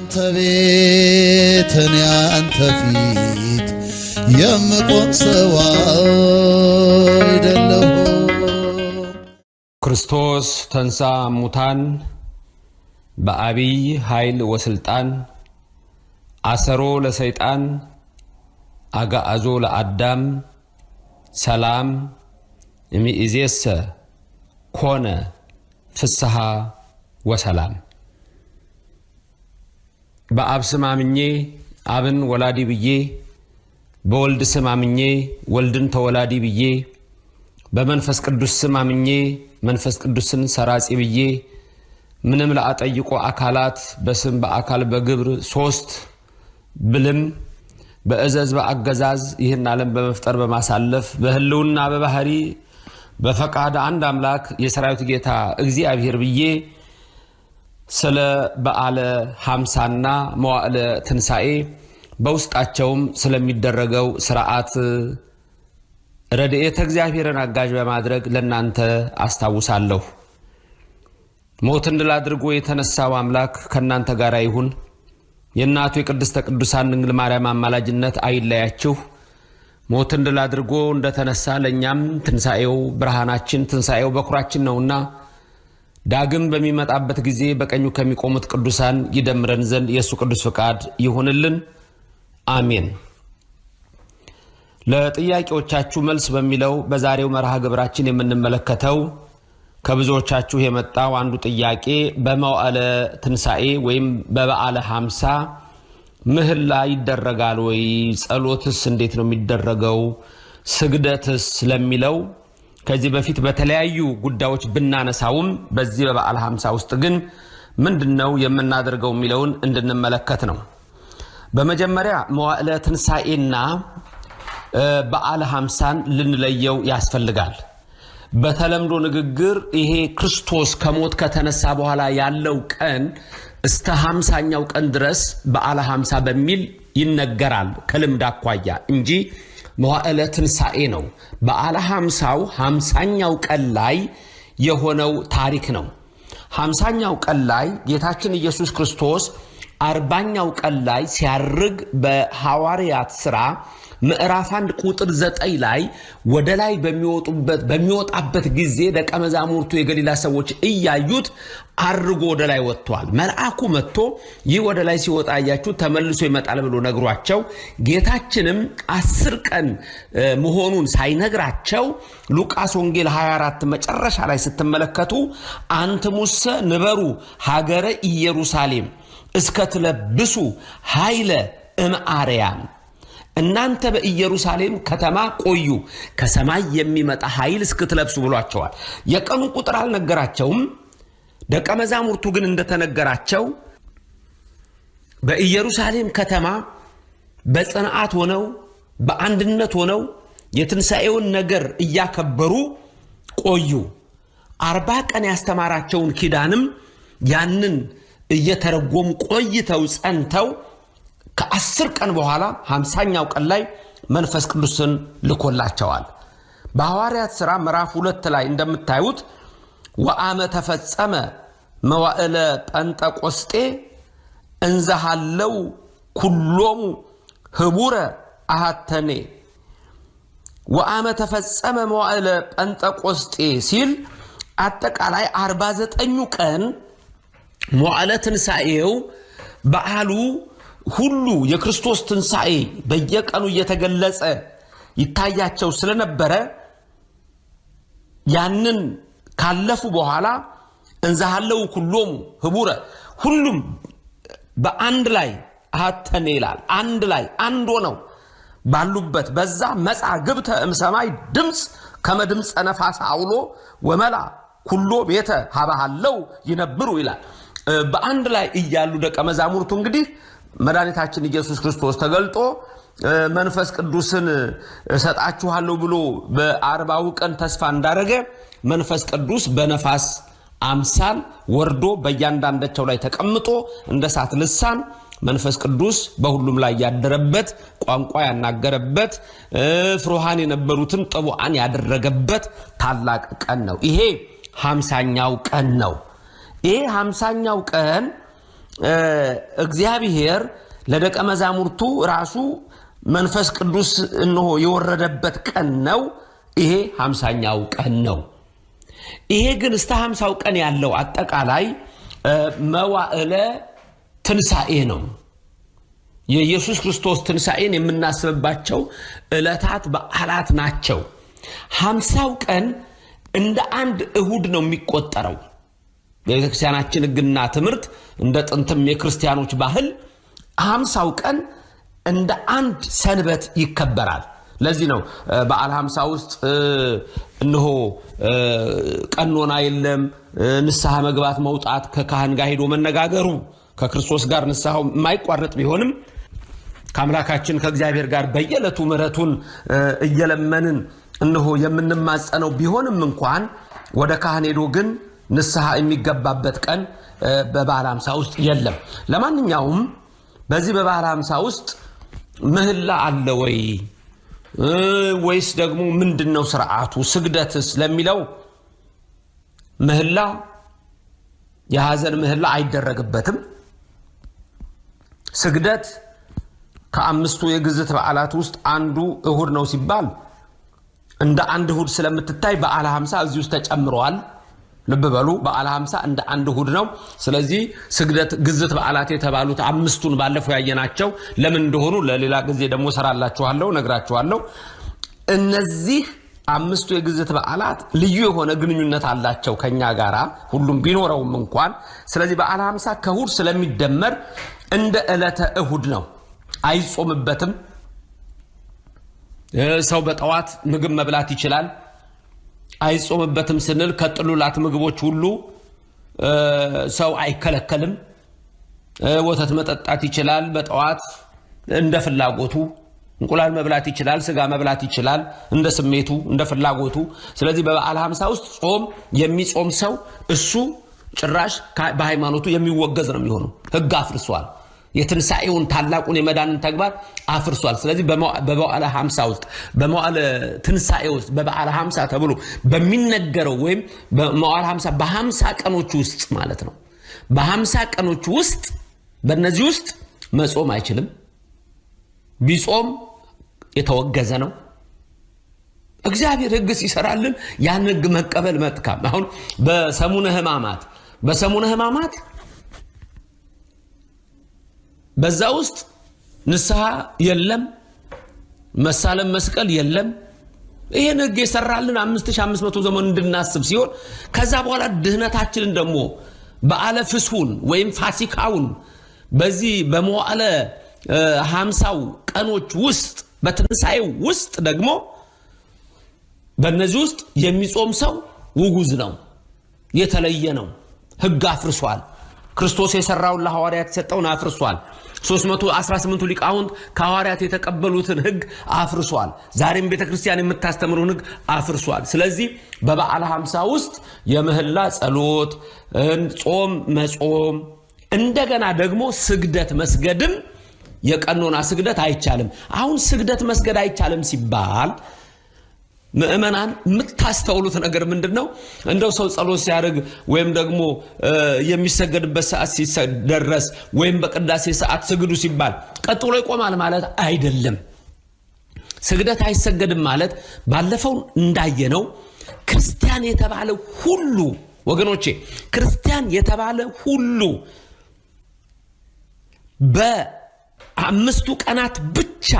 አንተ ቤት እኔ አንተ ፊት የምቆም ሰው አይደለሁ። ክርስቶስ ተንሳ ሙታን በአቢይ ኃይል ወስልጣን አሰሮ ለሰይጣን አጋአዞ ለአዳም ሰላም እሚእዜሰ ኮነ ፍስሐ ወሰላም በአብ ስም አምኜ አብን ወላዲ ብዬ በወልድ ስም አምኜ ወልድን ተወላዲ ብዬ በመንፈስ ቅዱስ ስም አምኜ መንፈስ ቅዱስን ሰራጺ ብዬ ምንም ለአጠይቆ አካላት በስም በአካል በግብር ሶስት ብልም በእዘዝ በአገዛዝ ይህን ዓለም በመፍጠር በማሳለፍ በህልውና በባህሪ በፈቃድ አንድ አምላክ የሰራዊት ጌታ እግዚአብሔር ብዬ ስለ በዓለ ሀምሳና መዋዕለ ትንሣኤ በውስጣቸውም ስለሚደረገው ስርዓት ረድኤተ እግዚአብሔርን አጋዥ በማድረግ ለእናንተ አስታውሳለሁ። ሞትን ድል አድርጎ የተነሳው አምላክ ከእናንተ ጋር ይሁን። የእናቱ የቅድስተ ቅዱሳን ድንግል ማርያም አማላጅነት አይለያችሁ። ሞትን ድል አድርጎ እንደተነሳ ለእኛም ትንሣኤው ብርሃናችን፣ ትንሣኤው በኩራችን ነውና ዳግም በሚመጣበት ጊዜ በቀኙ ከሚቆሙት ቅዱሳን ይደምረን ዘንድ የእሱ ቅዱስ ፍቃድ ይሁንልን፣ አሜን። ለጥያቄዎቻችሁ መልስ በሚለው በዛሬው መርሃ ግብራችን የምንመለከተው ከብዙዎቻችሁ የመጣው አንዱ ጥያቄ በመዋዕለ ትንሣኤ ወይም በበዓለ ሀምሳ ምህላ ይደረጋል ወይ? ጸሎትስ እንዴት ነው የሚደረገው? ስግደትስ ለሚለው ከዚህ በፊት በተለያዩ ጉዳዮች ብናነሳውም በዚህ በበዓል ሃምሳ ውስጥ ግን ምንድን ነው የምናደርገው የሚለውን እንድንመለከት ነው። በመጀመሪያ መዋዕለ ትንሣኤና በዓለ ሃምሳን ልንለየው ያስፈልጋል። በተለምዶ ንግግር ይሄ ክርስቶስ ከሞት ከተነሳ በኋላ ያለው ቀን እስከ ሃምሳኛው ቀን ድረስ በዓለ ሃምሳ በሚል ይነገራል ከልምድ አኳያ እንጂ መዋዕለ ትንሣኤ ነው። በዓለ ሐምሳው ሐምሳኛው ቀን ላይ የሆነው ታሪክ ነው። ሐምሳኛው ቀን ላይ ጌታችን ኢየሱስ ክርስቶስ አርባኛው ቀን ላይ ሲያርግ በሐዋርያት ሥራ ምዕራፍ አንድ ቁጥር ዘጠኝ ላይ ወደ ላይ በሚወጡበት በሚወጣበት ጊዜ ደቀ መዛሙርቱ የገሊላ ሰዎች እያዩት አርጎ ወደ ላይ ወጥቷል። መልአኩ መጥቶ ይህ ወደ ላይ ሲወጣ አያችሁ፣ ተመልሶ ይመጣል ብሎ ነግሯቸው ጌታችንም አስር ቀን መሆኑን ሳይነግራቸው ሉቃስ ወንጌል 24 መጨረሻ ላይ ስትመለከቱ አንትሙሰ ንበሩ ሀገረ ኢየሩሳሌም እስከትለብሱ ኃይለ እምአርያም እናንተ በኢየሩሳሌም ከተማ ቆዩ ከሰማይ የሚመጣ ኃይል እስክትለብሱ ብሏቸዋል። የቀኑ ቁጥር አልነገራቸውም። ደቀ መዛሙርቱ ግን እንደተነገራቸው በኢየሩሳሌም ከተማ በጽንዓት ሆነው በአንድነት ሆነው የትንሣኤውን ነገር እያከበሩ ቆዩ። አርባ ቀን ያስተማራቸውን ኪዳንም ያንን እየተረጎሙ ቆይተው ጸንተው ከአስር ቀን በኋላ ሃምሳኛው ቀን ላይ መንፈስ ቅዱስን ልኮላቸዋል። በሐዋርያት ሥራ ምዕራፍ ሁለት ላይ እንደምታዩት ወአመ ተፈጸመ መዋዕለ ጰንጠቆስጤ እንዘሃለው ኩሎሙ ህቡረ አሃተኔ ወአመ ተፈጸመ መዋዕለ ጰንጠቆስጤ ሲል አጠቃላይ አርባ ዘጠኙ ቀን መዋዕለ ትንሣኤው በዓሉ ሁሉ የክርስቶስ ትንሣኤ በየቀኑ እየተገለጸ ይታያቸው ስለነበረ ያንን ካለፉ በኋላ እንዛሃለው ኩሎሙ ህቡረ ሁሉም በአንድ ላይ አተኔ ይላል። አንድ ላይ አንድ ሆነው ባሉበት በዛ መጻ ግብተ እምሰማይ ድምፅ ከመድምፀ ነፋስ አውሎ ወመላ ኩሎ ቤተ ሀባሃለው ይነብሩ ይላል። በአንድ ላይ እያሉ ደቀ መዛሙርቱ እንግዲህ መድኃኒታችን ኢየሱስ ክርስቶስ ተገልጦ መንፈስ ቅዱስን እሰጣችኋለሁ ብሎ በአርባው ቀን ተስፋ እንዳደረገ መንፈስ ቅዱስ በነፋስ አምሳል ወርዶ በእያንዳንዳቸው ላይ ተቀምጦ እንደ እሳት ልሳን መንፈስ ቅዱስ በሁሉም ላይ ያደረበት ቋንቋ ያናገረበት ፍሩሃን የነበሩትን ጥቡአን ያደረገበት ታላቅ ቀን ነው። ይሄ ሃምሳኛው ቀን ነው። ይህ ሃምሳኛው ቀን እግዚአብሔር ለደቀ መዛሙርቱ ራሱ መንፈስ ቅዱስ እንሆ የወረደበት ቀን ነው። ይሄ ሃምሳኛው ቀን ነው። ይሄ ግን እስከ ሃምሳው ቀን ያለው አጠቃላይ መዋዕለ ትንሣኤ ነው። የኢየሱስ ክርስቶስ ትንሣኤን የምናስብባቸው ዕለታት በዓላት ናቸው። ሃምሳው ቀን እንደ አንድ እሁድ ነው የሚቆጠረው። የቤተ ህግና ሕግና ትምህርት እንደ ጥንትም የክርስቲያኖች ባህል ሀምሳው ቀን እንደ አንድ ሰንበት ይከበራል። ለዚህ ነው በዓል ሀምሳ ውስጥ እንሆ ቀኖና የለም፣ ንስሐ መግባት መውጣት፣ ከካህን ጋር ሄዶ መነጋገሩ ከክርስቶስ ጋር ንስሐው የማይቋረጥ ቢሆንም ከአምላካችን ከእግዚአብሔር ጋር በየዕለቱ ምሕረቱን እየለመንን እነሆ የምንማጸነው ቢሆንም እንኳን ወደ ካህን ሄዶ ግን ንስሐ የሚገባበት ቀን በባለ ሐምሳ ውስጥ የለም። ለማንኛውም በዚህ በባለ ሐምሳ ውስጥ ምህላ አለ ወይ ወይስ ደግሞ ምንድን ነው ስርዓቱ? ስግደትስ ለሚለው ምህላ የሐዘን ምህላ አይደረግበትም። ስግደት ከአምስቱ የግዝት በዓላት ውስጥ አንዱ እሁድ ነው ሲባል እንደ አንድ እሁድ ስለምትታይ በዓለ ሀምሳ እዚህ ውስጥ ተጨምረዋል። ልብ በሉ በዓለ ሀምሳ እንደ አንድ እሁድ ነው። ስለዚህ ስግደት፣ ግዝት በዓላት የተባሉት አምስቱን ባለፈው ያየናቸው ለምን እንደሆኑ ለሌላ ጊዜ ደግሞ ሰራላችኋለሁ፣ ነግራችኋለሁ። እነዚህ አምስቱ የግዝት በዓላት ልዩ የሆነ ግንኙነት አላቸው ከኛ ጋራ ሁሉም ቢኖረውም እንኳን። ስለዚህ በዓለ ሀምሳ ከእሁድ ስለሚደመር እንደ ዕለተ እሁድ ነው፣ አይጾምበትም። ሰው በጠዋት ምግብ መብላት ይችላል። አይጾምበትም ስንል ከጥሉላት ምግቦች ሁሉ ሰው አይከለከልም። ወተት መጠጣት ይችላል። በጠዋት እንደ ፍላጎቱ እንቁላል መብላት ይችላል። ስጋ መብላት ይችላል። እንደ ስሜቱ፣ እንደ ፍላጎቱ። ስለዚህ በበዓለ ሃምሳ ውስጥ ጾም የሚጾም ሰው እሱ ጭራሽ በሃይማኖቱ የሚወገዝ ነው የሚሆነው። ህግ አፍርሷል። የትንሣኤውን ታላቁን የመዳንን ተግባር አፍርሷል። ስለዚህ በበዓለ ሀምሳ ውስጥ በመዋዕለ ትንሣኤ ውስጥ በበዓለ ሀምሳ ተብሎ በሚነገረው ወይም በመዋዕለ ሀምሳ በሀምሳ ቀኖች ውስጥ ማለት ነው። በሀምሳ ቀኖች ውስጥ በእነዚህ ውስጥ መጾም አይችልም። ቢጾም የተወገዘ ነው። እግዚአብሔር ሕግ ሲሰራልን ያን ሕግ መቀበል መጥካም አሁን በሰሙነ ሕማማት በሰሙነ ሕማማት በዛ ውስጥ ንስሐ የለም፣ መሳለም መስቀል የለም። ይሄን ህግ የሰራልን 5500 ዘመን እንድናስብ ሲሆን ከዛ በኋላ ድህነታችንን ደግሞ በዓለ ፍስሁን ወይም ፋሲካውን በዚህ በመዋዕለ ሀምሳው ቀኖች ውስጥ በትንሣኤው ውስጥ ደግሞ በእነዚህ ውስጥ የሚጾም ሰው ውጉዝ ነው፣ የተለየ ነው፣ ህግ አፍርሷል። ክርስቶስ የሰራውን ለሐዋርያት የሰጠውን አፍርሷል። 318ቱ ሊቃውንት ከሐዋርያት የተቀበሉትን ሕግ አፍርሷል። ዛሬም ቤተ ክርስቲያን የምታስተምረውን ሕግ አፍርሷል። ስለዚህ በበዓለ ሃምሳ ውስጥ የምህላ ጸሎት፣ ጾም መጾም፣ እንደገና ደግሞ ስግደት መስገድም የቀኖና ስግደት አይቻልም። አሁን ስግደት መስገድ አይቻልም ሲባል ምእመናን የምታስተውሉት ነገር ምንድን ነው? እንደው ሰው ጸሎት ሲያደርግ ወይም ደግሞ የሚሰገድበት ሰዓት ሲደረስ ወይም በቅዳሴ ሰዓት ስግዱ ሲባል ቀጥሎ ይቆማል ማለት አይደለም። ስግደት አይሰገድም ማለት ባለፈው እንዳየነው ክርስቲያን የተባለ ሁሉ ወገኖቼ፣ ክርስቲያን የተባለ ሁሉ በአምስቱ ቀናት ብቻ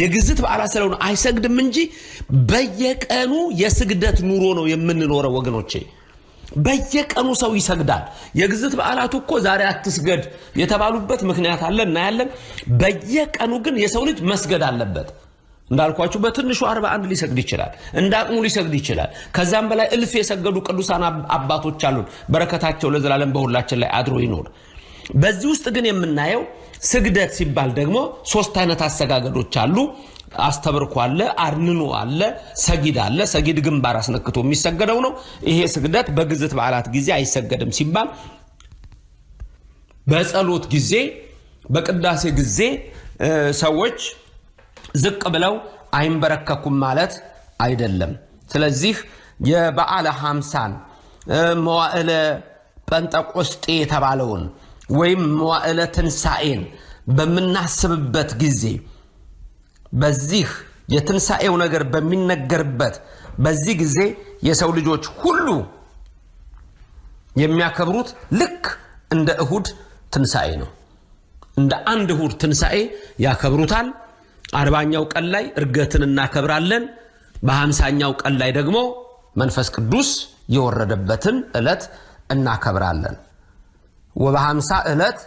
የግዝት በዓላት ስለሆነ አይሰግድም እንጂ በየቀኑ የስግደት ኑሮ ነው የምንኖረው ወገኖቼ። በየቀኑ ሰው ይሰግዳል። የግዝት በዓላት እኮ ዛሬ አትስገድ የተባሉበት ምክንያት አለ፣ እናያለን። በየቀኑ ግን የሰው ልጅ መስገድ አለበት። እንዳልኳችሁ በትንሹ አርባ አንድ ሊሰግድ ይችላል። እንደ አቅሙ ሊሰግድ ይችላል። ከዛም በላይ እልፍ የሰገዱ ቅዱሳን አባቶች አሉን። በረከታቸው ለዘላለም በሁላችን ላይ አድሮ ይኖር። በዚህ ውስጥ ግን የምናየው ስግደት ሲባል ደግሞ ሶስት አይነት አሰጋገዶች አሉ። አስተብርኮ አለ፣ አርንኑ አለ፣ ሰጊድ አለ። ሰጊድ ግንባር አስነክቶ የሚሰገደው ነው። ይሄ ስግደት በግዝት በዓላት ጊዜ አይሰገድም ሲባል፣ በጸሎት ጊዜ፣ በቅዳሴ ጊዜ ሰዎች ዝቅ ብለው አይንበረከኩም ማለት አይደለም። ስለዚህ የበዓለ ሀምሳን መዋዕለ ጰንጠቆስጤ የተባለውን ወይም መዋዕለ ትንሣኤን በምናስብበት ጊዜ በዚህ የትንሣኤው ነገር በሚነገርበት በዚህ ጊዜ የሰው ልጆች ሁሉ የሚያከብሩት ልክ እንደ እሁድ ትንሣኤ ነው። እንደ አንድ እሁድ ትንሣኤ ያከብሩታል። አርባኛው ቀን ላይ እርገትን እናከብራለን። በሀምሳኛው ቀን ላይ ደግሞ መንፈስ ቅዱስ የወረደበትን ዕለት እናከብራለን። ወበሃምሳ ዕለት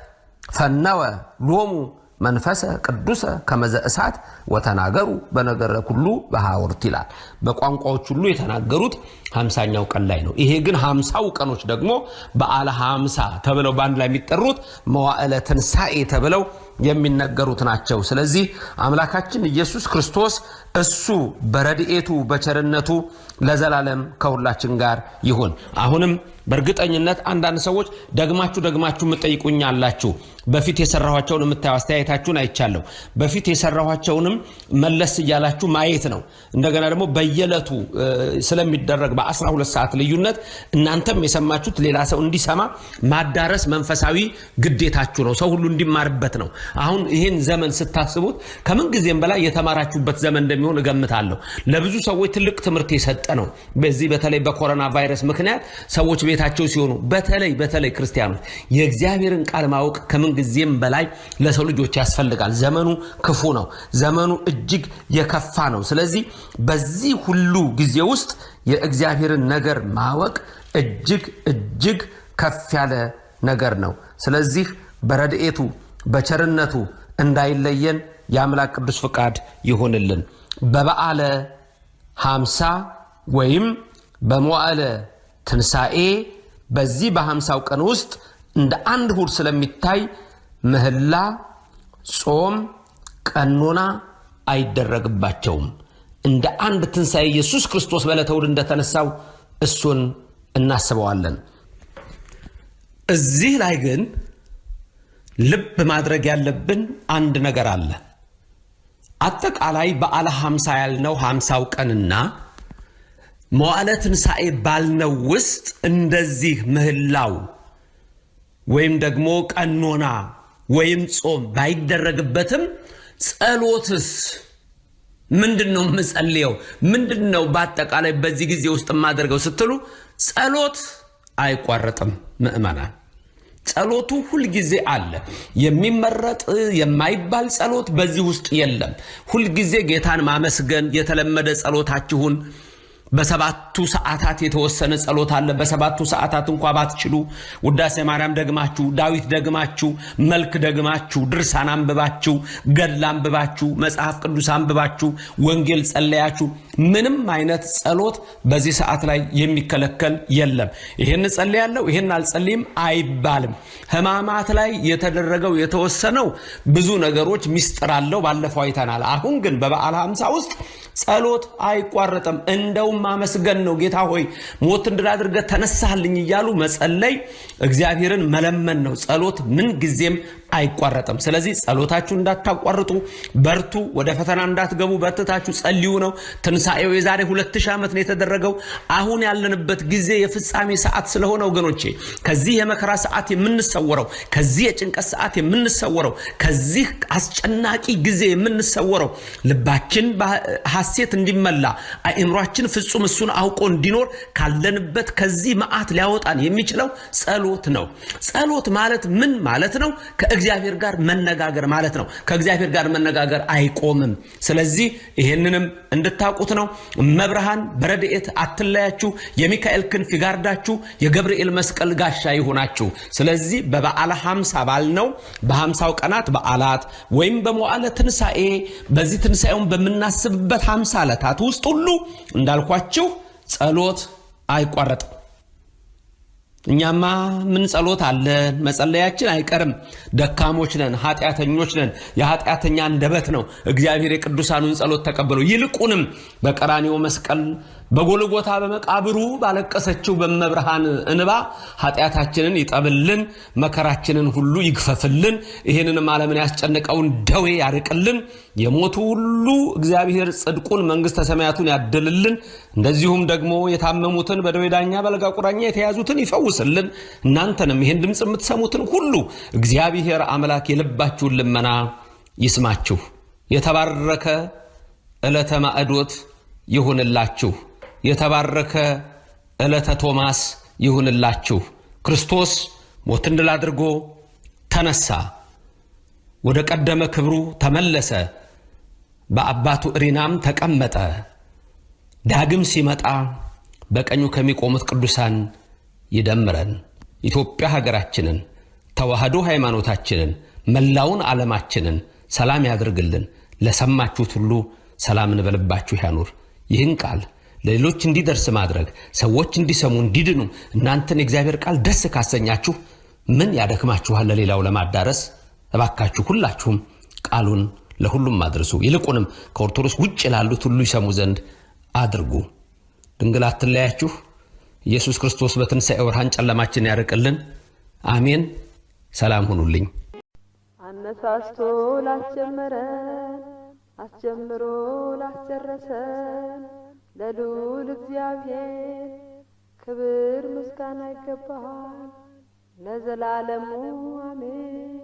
ፈነወ ሎሙ መንፈሰ ቅዱሰ ከመዘ እሳት ወተናገሩ በነገረ ኩሉ በሐውርት ይላል። በቋንቋዎች ሁሉ የተናገሩት ሀምሳኛው ቀን ላይ ነው። ይሄ ግን ሀምሳው ቀኖች ደግሞ በዓለ ሀምሳ ተብለው በአንድ ላይ የሚጠሩት መዋዕለ ትንሣኤ ተብለው የሚነገሩት ናቸው። ስለዚህ አምላካችን ኢየሱስ ክርስቶስ እሱ በረድኤቱ በቸርነቱ ለዘላለም ከሁላችን ጋር ይሁን። አሁንም በእርግጠኝነት አንዳንድ ሰዎች ደግማችሁ ደግማችሁ የምጠይቁኝ አላችሁ። በፊት የሰራኋቸውን የምታየው አስተያየታችሁን አይቻለሁ። በፊት የሰራኋቸውንም መለስ እያላችሁ ማየት ነው። እንደገና ደግሞ በየ በየዕለቱ ስለሚደረግ በ12 ሰዓት ልዩነት እናንተም የሰማችሁት ሌላ ሰው እንዲሰማ ማዳረስ መንፈሳዊ ግዴታችሁ ነው። ሰው ሁሉ እንዲማርበት ነው። አሁን ይህን ዘመን ስታስቡት ከምን ጊዜም በላይ የተማራችሁበት ዘመን እንደሚሆን እገምታለሁ። ለብዙ ሰዎች ትልቅ ትምህርት የሰጠ ነው። በዚህ በተለይ በኮሮና ቫይረስ ምክንያት ሰዎች ቤታቸው ሲሆኑ፣ በተለይ በተለይ ክርስቲያኖች የእግዚአብሔርን ቃል ማወቅ ከምን ጊዜም በላይ ለሰው ልጆች ያስፈልጋል። ዘመኑ ክፉ ነው። ዘመኑ እጅግ የከፋ ነው። ስለዚህ በዚህ ሁሉ ጊዜ ውስጥ የእግዚአብሔርን ነገር ማወቅ እጅግ እጅግ ከፍ ያለ ነገር ነው። ስለዚህ በረድኤቱ በቸርነቱ እንዳይለየን የአምላክ ቅዱስ ፍቃድ ይሆንልን። በበዓለ ሃምሳ ወይም በመዋዕለ ትንሣኤ በዚህ በሃምሳው ቀን ውስጥ እንደ አንድ እሁድ ስለሚታይ ምህላ፣ ጾም፣ ቀኖና አይደረግባቸውም። እንደ አንድ ትንሣኤ ኢየሱስ ክርስቶስ በዕለተ እሑድ እንደተነሳው እሱን እናስበዋለን። እዚህ ላይ ግን ልብ ማድረግ ያለብን አንድ ነገር አለ። አጠቃላይ በዓለ ሐምሳ ያልነው ሐምሳው ቀንና መዋዕለ ትንሣኤ ባልነው ውስጥ እንደዚህ ምህላው ወይም ደግሞ ቀኖና ወይም ጾም ባይደረግበትም ጸሎትስ ምንድን ነው የምጸልየው? ምንድን ነው በአጠቃላይ በዚህ ጊዜ ውስጥ የማደርገው ስትሉ ጸሎት አይቋረጥም። ምእመናን? ጸሎቱ ሁልጊዜ አለ። የሚመረጥ የማይባል ጸሎት በዚህ ውስጥ የለም። ሁልጊዜ ጌታን ማመስገን የተለመደ ጸሎታችሁን በሰባቱ ሰዓታት የተወሰነ ጸሎት አለ። በሰባቱ ሰዓታት እንኳ ባትችሉ ውዳሴ ማርያም ደግማችሁ፣ ዳዊት ደግማችሁ፣ መልክ ደግማችሁ፣ ድርሳን አንብባችሁ፣ ገድል አንብባችሁ፣ መጽሐፍ ቅዱስ አንብባችሁ፣ ወንጌል ጸለያችሁ ምንም አይነት ጸሎት በዚህ ሰዓት ላይ የሚከለከል የለም። ይህን ያለው ይህን አልጸልይም አይባልም። ህማማት ላይ የተደረገው የተወሰነው ብዙ ነገሮች ሚስጥር አለው፣ ባለፈው አይተናል። አሁን ግን በበዓለ ሃምሳ ውስጥ ጸሎት አይቋረጥም። እንደውም ማመስገን ነው። ጌታ ሆይ ሞት እንድል ተነሳልኝ እያሉ መጸለይ፣ እግዚአብሔርን መለመን ነው። ጸሎት ምን ጊዜም አይቋረጥም። ስለዚህ ጸሎታችሁ እንዳታቋርጡ፣ በርቱ። ወደ ፈተና እንዳትገቡ በርትታችሁ ጸልዩ ነው። ትንሣኤው የዛሬ ሁለት ሺህ ዓመት ነው የተደረገው። አሁን ያለንበት ጊዜ የፍጻሜ ሰዓት ስለሆነ ወገኖቼ ከዚህ የመከራ ሰዓት የምንሰወረው፣ ከዚህ የጭንቀት ሰዓት የምንሰወረው፣ ከዚህ አስጨናቂ ጊዜ የምንሰወረው ልባችን ሐሴት እንዲመላ አእምሯችን ፍጹም እሱን አውቆ እንዲኖር ካለንበት ከዚህ መዓት ሊያወጣን የሚችለው ጸሎት ነው። ጸሎት ማለት ምን ማለት ነው? ከእግዚአብሔር ጋር መነጋገር ማለት ነው። ከእግዚአብሔር ጋር መነጋገር አይቆምም። ስለዚህ ይህንንም እንድታውቁት ነው። መብርሃን በረድኤት አትለያችሁ፣ የሚካኤል ክንፍ ይጋርዳችሁ፣ የገብርኤል መስቀል ጋሻ ይሆናችሁ። ስለዚህ በበዓለ ሀምሳ ባል ነው በሀምሳው ቀናት በዓላት ወይም በመዋለ ትንሣኤ በዚህ ትንሣኤውን በምናስብበት ሀምሳ ዕለታት ውስጥ ሁሉ እንዳልኳችሁ ጸሎት አይቋረጥም። እኛማ ምን ጸሎት አለን? መጸለያችን አይቀርም። ደካሞች ነን፣ ኃጢአተኞች ነን። የኃጢአተኛ አንደበት ነው እግዚአብሔር የቅዱሳኑን ጸሎት ተቀብሎ ይልቁንም በቀራኒው መስቀል በጎልጎታ በመቃብሩ ባለቀሰችው በመብርሃን እንባ ኃጢአታችንን ይጠብልን፣ መከራችንን ሁሉ ይግፈፍልን፣ ይህንንም ዓለምን ያስጨነቀውን ደዌ ያርቅልን። የሞቱ ሁሉ እግዚአብሔር ጽድቁን መንግሥተ ሰማያቱን ያድልልን። እንደዚሁም ደግሞ የታመሙትን በደዌ ዳኛ በአልጋ ቁራኛ የተያዙትን ይፈውስልን። እናንተንም ይህን ድምፅ የምትሰሙትን ሁሉ እግዚአብሔር አምላክ የልባችሁን ልመና ይስማችሁ። የተባረከ ዕለተ ማዕዶት ይሁንላችሁ። የተባረከ ዕለተ ቶማስ ይሁንላችሁ። ክርስቶስ ሞትን ድል አድርጎ ተነሳ፣ ወደ ቀደመ ክብሩ ተመለሰ፣ በአባቱ እሪናም ተቀመጠ። ዳግም ሲመጣ በቀኙ ከሚቆሙት ቅዱሳን ይደምረን። ኢትዮጵያ ሀገራችንን፣ ተዋህዶ ሃይማኖታችንን፣ መላውን ዓለማችንን ሰላም ያድርግልን። ለሰማችሁት ሁሉ ሰላምን በልባችሁ ያኑር። ይህን ቃል ለሌሎች እንዲደርስ ማድረግ፣ ሰዎች እንዲሰሙ እንዲድኑ፣ እናንተን የእግዚአብሔር ቃል ደስ ካሰኛችሁ ምን ያደክማችኋል ለሌላው ለማዳረስ? እባካችሁ ሁላችሁም ቃሉን ለሁሉም አድርሱ። ይልቁንም ከኦርቶዶክስ ውጭ ላሉት ሁሉ ይሰሙ ዘንድ አድርጉ። ድንግል አትለያችሁ። ኢየሱስ ክርስቶስ በትንሣኤ ብርሃን ጨለማችን ያርቅልን። አሜን። ሰላም ሁኑልኝ። አነሳስቶ ላስጀመረን አስጀምሮ ላስጨረሰን ለልዑል እግዚአብሔር ክብር ምስጋና ይገባል ለዘላለሙ አሜን።